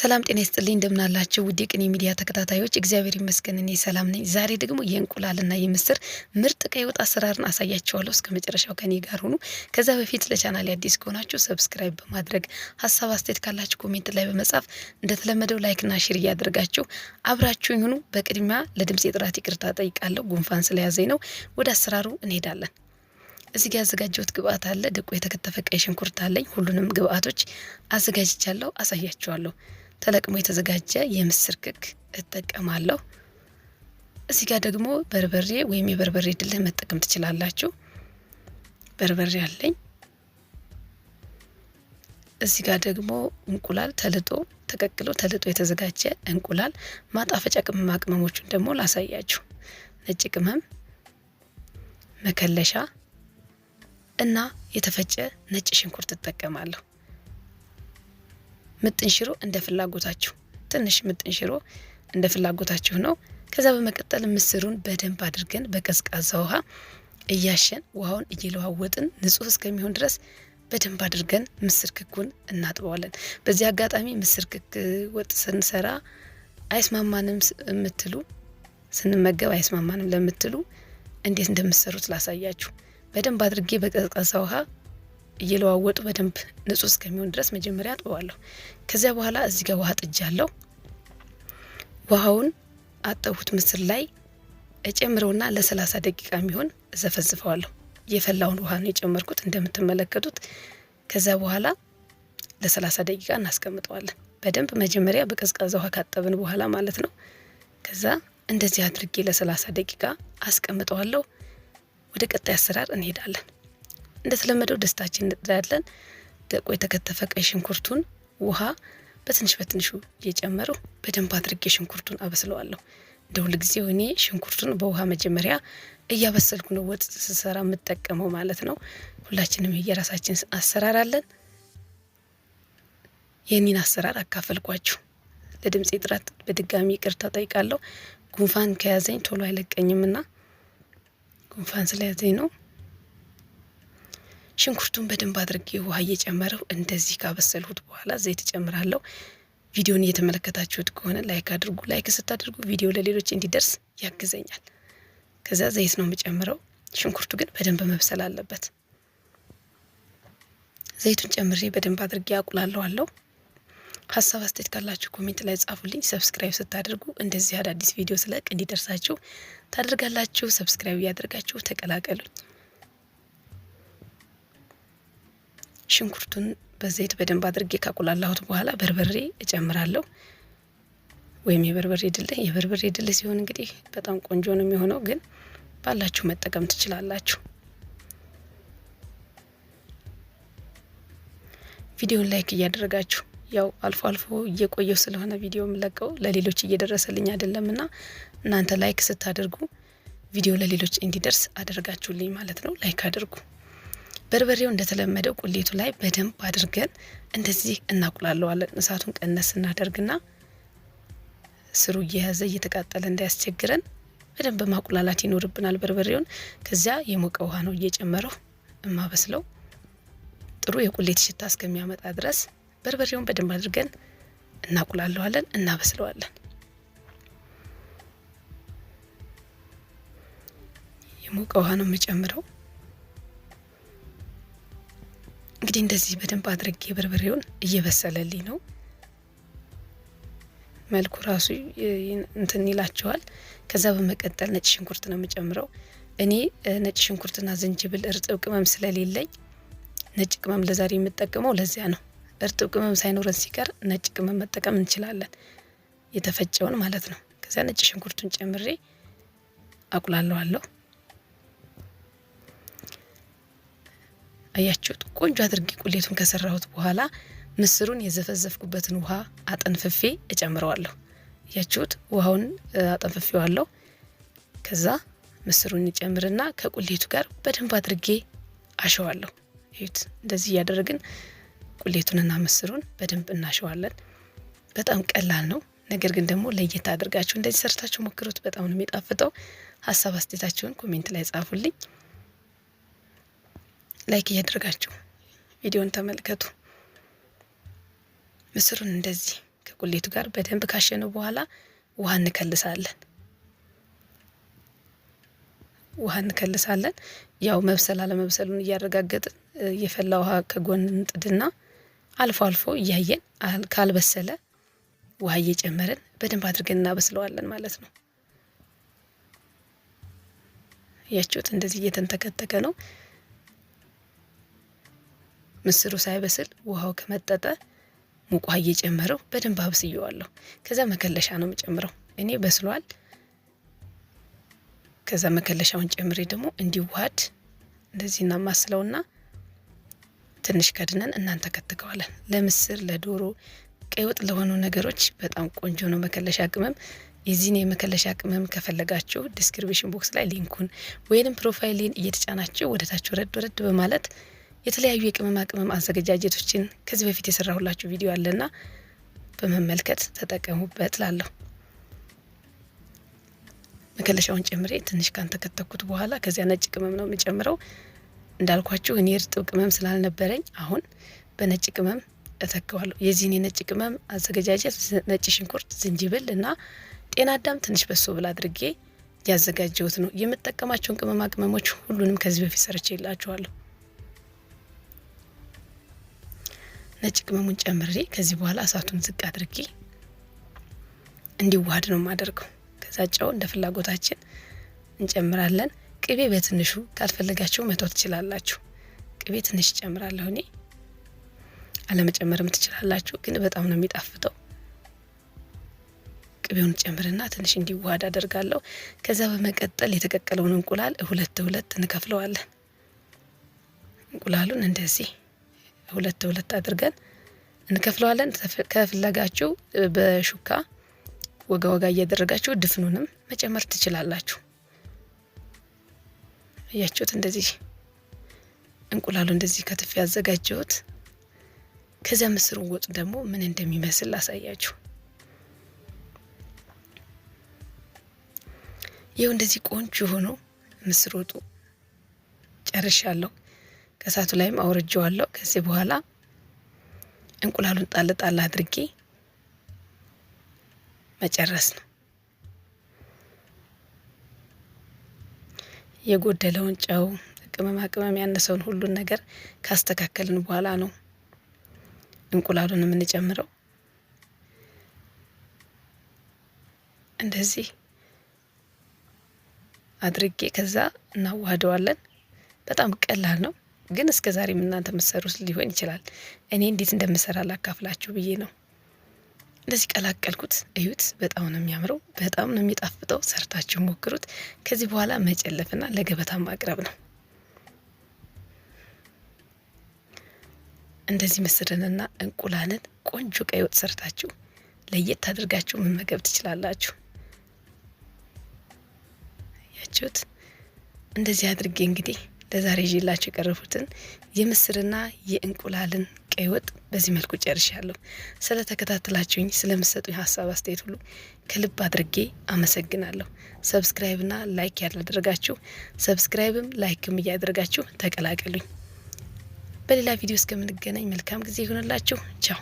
ሰላም ጤና ይስጥልኝ እንደምናላችሁ ውድ ቅኔ ሚዲያ ተከታታዮች፣ እግዚአብሔር ይመስገን እኔ ሰላም ነኝ። ዛሬ ደግሞ የእንቁላልና የምስር ምርጥ ቀይ ወጥ አሰራርን አሳያችኋለሁ። እስከ መጨረሻው ከኔ ጋር ሁኑ። ከዛ በፊት ለቻናል አዲስ ከሆናችሁ ሰብስክራይብ በማድረግ ሀሳብ አስተያየት ካላችሁ ኮሜንት ላይ በመጻፍ እንደተለመደው ላይክና ሼር እያደርጋችሁ አብራችሁኝ ሁኑ። በቅድሚያ ለድምፅ የጥራት ይቅርታ ጠይቃለሁ፣ ጉንፋን ስለያዘኝ ነው። ወደ አሰራሩ እንሄዳለን። እዚህ ጋር ያዘጋጀሁት ግብአት አለ። ድቆ የተከተፈ ቀይ ሽንኩርት አለኝ። ሁሉንም ግብአቶች አዘጋጅቻለሁ፣ አሳያችኋለሁ። ተለቅሞ የተዘጋጀ የምስር ክክ እጠቀማለሁ። እዚህ ጋር ደግሞ በርበሬ ወይም የበርበሬ ድልህ መጠቀም ትችላላችሁ። በርበሬ አለኝ። እዚህ ጋር ደግሞ እንቁላል ተልጦ ተቀቅሎ ተልጦ የተዘጋጀ እንቁላል፣ ማጣፈጫ ቅመማ ቅመሞቹን ደግሞ ላሳያችሁ። ነጭ ቅመም፣ መከለሻ እና የተፈጨ ነጭ ሽንኩርት እጠቀማለሁ። ምጥን ሽሮ እንደ ፍላጎታችሁ፣ ትንሽ ምጥን ሽሮ እንደ ፍላጎታችሁ ነው። ከዛ በመቀጠል ምስሩን በደንብ አድርገን በቀዝቃዛ ውሃ እያሸን ውሃውን እየለዋወጥን ንጹህ እስከሚሆን ድረስ በደንብ አድርገን ምስር ክኩን እናጥበዋለን። በዚህ አጋጣሚ ምስር ክክ ወጥ ስንሰራ አይስማማንም የምትሉ ስንመገብ አይስማማንም ለምትሉ እንዴት እንደምትሰሩት ላሳያችሁ። በደንብ አድርጌ በቀዝቀዘ ውሃ እየለዋወጡ በደንብ ንጹህ እስከሚሆን ድረስ መጀመሪያ አጥበዋለሁ። ከዚያ በኋላ እዚህ ጋር ውሃ ጥጅ አለው። ውሃውን አጠቡት ምስል ላይ እጨምረውና ለሰላሳ ደቂቃ የሚሆን ዘፈዝፈዋለሁ። የፈላውን ውሃ ነው የጨመርኩት እንደምትመለከቱት። ከዚያ በኋላ ለሰላሳ ደቂቃ እናስቀምጠዋለን። በደንብ መጀመሪያ በቀዝቃዛ ውሃ ካጠብን በኋላ ማለት ነው። ከዛ እንደዚህ አድርጌ ለሰላሳ ደቂቃ አስቀምጠዋለሁ። ወደ ቀጣይ አሰራር እንሄዳለን። እንደተለመደው ደስታችን እንጥዳለን። ደቆ የተከተፈ ቀይ ሽንኩርቱን ውሃ በትንሽ በትንሹ እየጨመሩ በደንብ አድርጌ ሽንኩርቱን አበስለዋለሁ። እንደ ሁልጊዜ እኔ ሽንኩርቱን በውሃ መጀመሪያ እያበሰልኩ ነው ወጥ ስሰራ የምጠቀመው ማለት ነው። ሁላችንም የራሳችን አሰራር አለን። የኔን አሰራር አካፈልኳችሁ። ለድምፄ ጥራት በድጋሚ ይቅርታ ጠይቃለሁ። ጉንፋን ከያዘኝ ቶሎ አይለቀኝምና ጉንፋን ስለያዘኝ ነው። ሽንኩርቱን በደንብ አድርጌ ውሃ እየጨመረው እንደዚህ ካበሰልሁት በኋላ ዘይት እጨምራለሁ። ቪዲዮን እየተመለከታችሁት ከሆነ ላይክ አድርጉ። ላይክ ስታደርጉ ቪዲዮ ለሌሎች እንዲደርስ ያግዘኛል። ከዛ ዘይት ነው የምጨምረው። ሽንኩርቱ ግን በደንብ መብሰል አለበት። ዘይቱን ጨምሬ በደንብ አድርጌ አቁላለዋለሁ። ሀሳብ አስተያየት ካላችሁ ኮሜንት ላይ ጻፉልኝ። ሰብስክራይብ ስታደርጉ እንደዚህ አዳዲስ ቪዲዮ ስለቅ እንዲደርሳችሁ ታደርጋላችሁ። ሰብስክራይብ እያደርጋችሁ ተቀላቀሉኝ። ሽንኩርቱን በዘይት በደንብ አድርጌ ካቁላላሁት በኋላ በርበሬ እጨምራለሁ ወይም የበርበሬ ድል የበርበሬ ድል ሲሆን እንግዲህ በጣም ቆንጆ ነው የሚሆነው፣ ግን ባላችሁ መጠቀም ትችላላችሁ። ቪዲዮን ላይክ እያደረጋችሁ ያው አልፎ አልፎ እየቆየው ስለሆነ ቪዲዮ የምለቀው ለሌሎች እየደረሰልኝ አይደለም ና እናንተ ላይክ ስታደርጉ ቪዲዮ ለሌሎች እንዲደርስ አደርጋችሁልኝ ማለት ነው። ላይክ አድርጉ። በርበሬው እንደተለመደው ቁሌቱ ላይ በደንብ አድርገን እንደዚህ እናቁላለዋለን። እሳቱን ቀነስ እናደርግና ስሩ እየያዘ እየተቃጠለ እንዳያስቸግረን በደንብ ማቁላላት ይኖርብናል በርበሬውን። ከዚያ የሞቀ ውሃ ነው እየጨመረው እማበስለው ጥሩ የቁሌት ሽታ እስከሚያመጣ ድረስ በርበሬውን በደንብ አድርገን እናቁላለዋለን፣ እናበስለዋለን። የሞቀ ውሃ ነው የምጨምረው። እንግዲህ እንደዚህ በደንብ አድርጌ በርበሬውን እየበሰለልኝ ነው። መልኩ ራሱ እንትን ይላቸዋል። ከዛ በመቀጠል ነጭ ሽንኩርት ነው የምጨምረው። እኔ ነጭ ሽንኩርትና ዝንጅብል እርጥብ ቅመም ስለሌለኝ ነጭ ቅመም ለዛሬ የምጠቀመው ለዚያ ነው። እርጥብ ቅመም ሳይኖረን ሲቀር ነጭ ቅመም መጠቀም እንችላለን፣ የተፈጨውን ማለት ነው። ከዚያ ነጭ ሽንኩርቱን ጨምሬ አቁላለዋለሁ። አያችሁት? ቆንጆ አድርጌ ቁሌቱን ከሰራሁት በኋላ ምስሩን የዘፈዘፍኩበትን ውሃ አጠንፍፌ እጨምረዋለሁ። አያችሁት? ውሃውን አጠንፍፌዋለሁ። ከዛ ምስሩን ይጨምርና ከቁሌቱ ጋር በደንብ አድርጌ አሸዋለሁ። ት እንደዚህ እያደረግን ቁሌቱንና ምስሩን በደንብ እናሸዋለን። በጣም ቀላል ነው። ነገር ግን ደግሞ ለየት አድርጋችሁ እንደዚህ ሰርታችሁ ሞክሩት። በጣም ነው የሚጣፍጠው። ሀሳብ አስተያየታችሁን ኮሜንት ላይ ጻፉልኝ። ላይክ እያደረጋችሁ ቪዲዮን ተመልከቱ። ምስሩን እንደዚህ ከቁሌቱ ጋር በደንብ ካሸነው በኋላ ውሃ እንከልሳለን። ውሃ እንከልሳለን። ያው መብሰል አለመብሰሉን እያረጋገጥን የፈላ ውሃ ከጎን እንጥድና አልፎ አልፎ እያየን ካልበሰለ ውሃ እየጨመረን በደንብ አድርገን እናበስለዋለን ማለት ነው። ያችሁት እንደዚህ እየተንተከተከ ነው። ምስሩ ሳይበስል ውሃው ከመጠጠ ሙቅ ውሃ እየጨመረው በደንብ አብስየዋለሁ። ከዛ መከለሻ ነው የምጨምረው እኔ በስሏል። ከዛ መከለሻውን ጨምሬ ደግሞ እንዲዋሃድ እንደዚህ እናማስለውና ትንሽ ከድነን እናንተከትከዋለን። ለምስር፣ ለዶሮ፣ ቀይ ወጥ ለሆኑ ነገሮች በጣም ቆንጆ ነው መከለሻ ቅመም። የዚህን የመከለሻ ቅመም ከፈለጋችሁ ዲስክሪፕሽን ቦክስ ላይ ሊንኩን ወይንም ፕሮፋይሊን እየተጫናችሁ ወደታችሁ ረድ ረድ በማለት የተለያዩ የቅመማ ቅመም አዘገጃጀቶችን ከዚህ በፊት የሰራሁላችሁ ቪዲዮ አለና በመመልከት ተጠቀሙበት ላለሁ። መከለሻውን ጨምሬ ትንሽ ካንተከተኩት በኋላ ከዚያ ነጭ ቅመም ነው የምጨምረው። እንዳልኳችሁ እኔ እርጥብ ቅመም ስላልነበረኝ አሁን በነጭ ቅመም እተክዋለሁ። የዚህን የነጭ ቅመም አዘገጃጀት ነጭ ሽንኩርት፣ ዝንጅብል እና ጤና አዳም ትንሽ በሶ ብል አድርጌ ያዘጋጀሁት ነው። የምጠቀማቸውን ቅመማ ቅመሞች ሁሉንም ከዚህ በፊት ሰርቼ ይላችኋለሁ። ነጭ ቅመሙን ጨምሬ ከዚህ በኋላ እሳቱን ዝቅ አድርጌ እንዲዋሃድ ነው የማደርገው። ከዛ ጨው እንደ ፍላጎታችን እንጨምራለን። ቅቤ በትንሹ ካልፈለጋችሁ መተው ትችላላችሁ። ቅቤ ትንሽ ጨምራለሁ እኔ አለመጨመርም ትችላላችሁ፣ ግን በጣም ነው የሚጣፍጠው። ቅቤውን ጨምርና ትንሽ እንዲዋሃድ አደርጋለሁ። ከዛ በመቀጠል የተቀቀለውን እንቁላል ሁለት ሁለት እንከፍለዋለን። እንቁላሉን እንደዚህ ሁለት ሁለት አድርገን እንከፍለዋለን። ከፍለጋችሁ በሹካ ወጋ ወጋ እያደረጋችሁ ድፍኑንም መጨመር ትችላላችሁ። እያችሁት እንደዚህ እንቁላሉ እንደዚህ ከትፍ ያዘጋጀሁት። ከዚያ ምስር ወጡ ደግሞ ምን እንደሚመስል ላሳያችሁ። ይኸው እንደዚህ ቆንጆ ሆኖ ምስር ወጡ ጨርሻለሁ። ከእሳቱ ላይም አውርጄዋለሁ። ከዚህ በኋላ እንቁላሉን ጣል ጣል አድርጌ መጨረስ ነው። የጎደለውን ጨው፣ ቅመማ ቅመም ያነሰውን ሁሉን ነገር ካስተካከልን በኋላ ነው እንቁላሉን የምንጨምረው። እንደዚህ አድርጌ ከዛ እናዋህደዋለን። በጣም ቀላል ነው፣ ግን እስከ ዛሬም እናንተ የምትሰሩት ሊሆን ይችላል። እኔ እንዴት እንደምሰራ ላካፍላችሁ ብዬ ነው። እንደዚህ ቀላቀልኩት። እዩት፣ በጣም ነው የሚያምረው፣ በጣም ነው የሚጣፍጠው። ሰርታችሁ ሞክሩት። ከዚህ በኋላ መጨለፍና ለገበታ ማቅረብ ነው። እንደዚህ ምስርንና እንቁላልን ቆንጆ ቀይ ወጥ ሰርታችሁ ለየት አድርጋችሁ መመገብ ትችላላችሁ። ያችሁት እንደዚህ አድርጌ እንግዲህ ለዛሬ ይዤላችሁ የቀረቡትን የምስርና የእንቁላልን ቀይ ወጥ በዚህ መልኩ ጨርሻለሁ። ስለ ተከታተላችሁኝ ስለምሰጡኝ ሀሳብ አስተያየት ሁሉ ከልብ አድርጌ አመሰግናለሁ። ሰብስክራይብና ላይክ ያላደረጋችሁ ሰብስክራይብም ላይክም እያደረጋችሁ ተቀላቀሉኝ። በሌላ ቪዲዮ እስከምንገናኝ መልካም ጊዜ ይሆንላችሁ። ቻው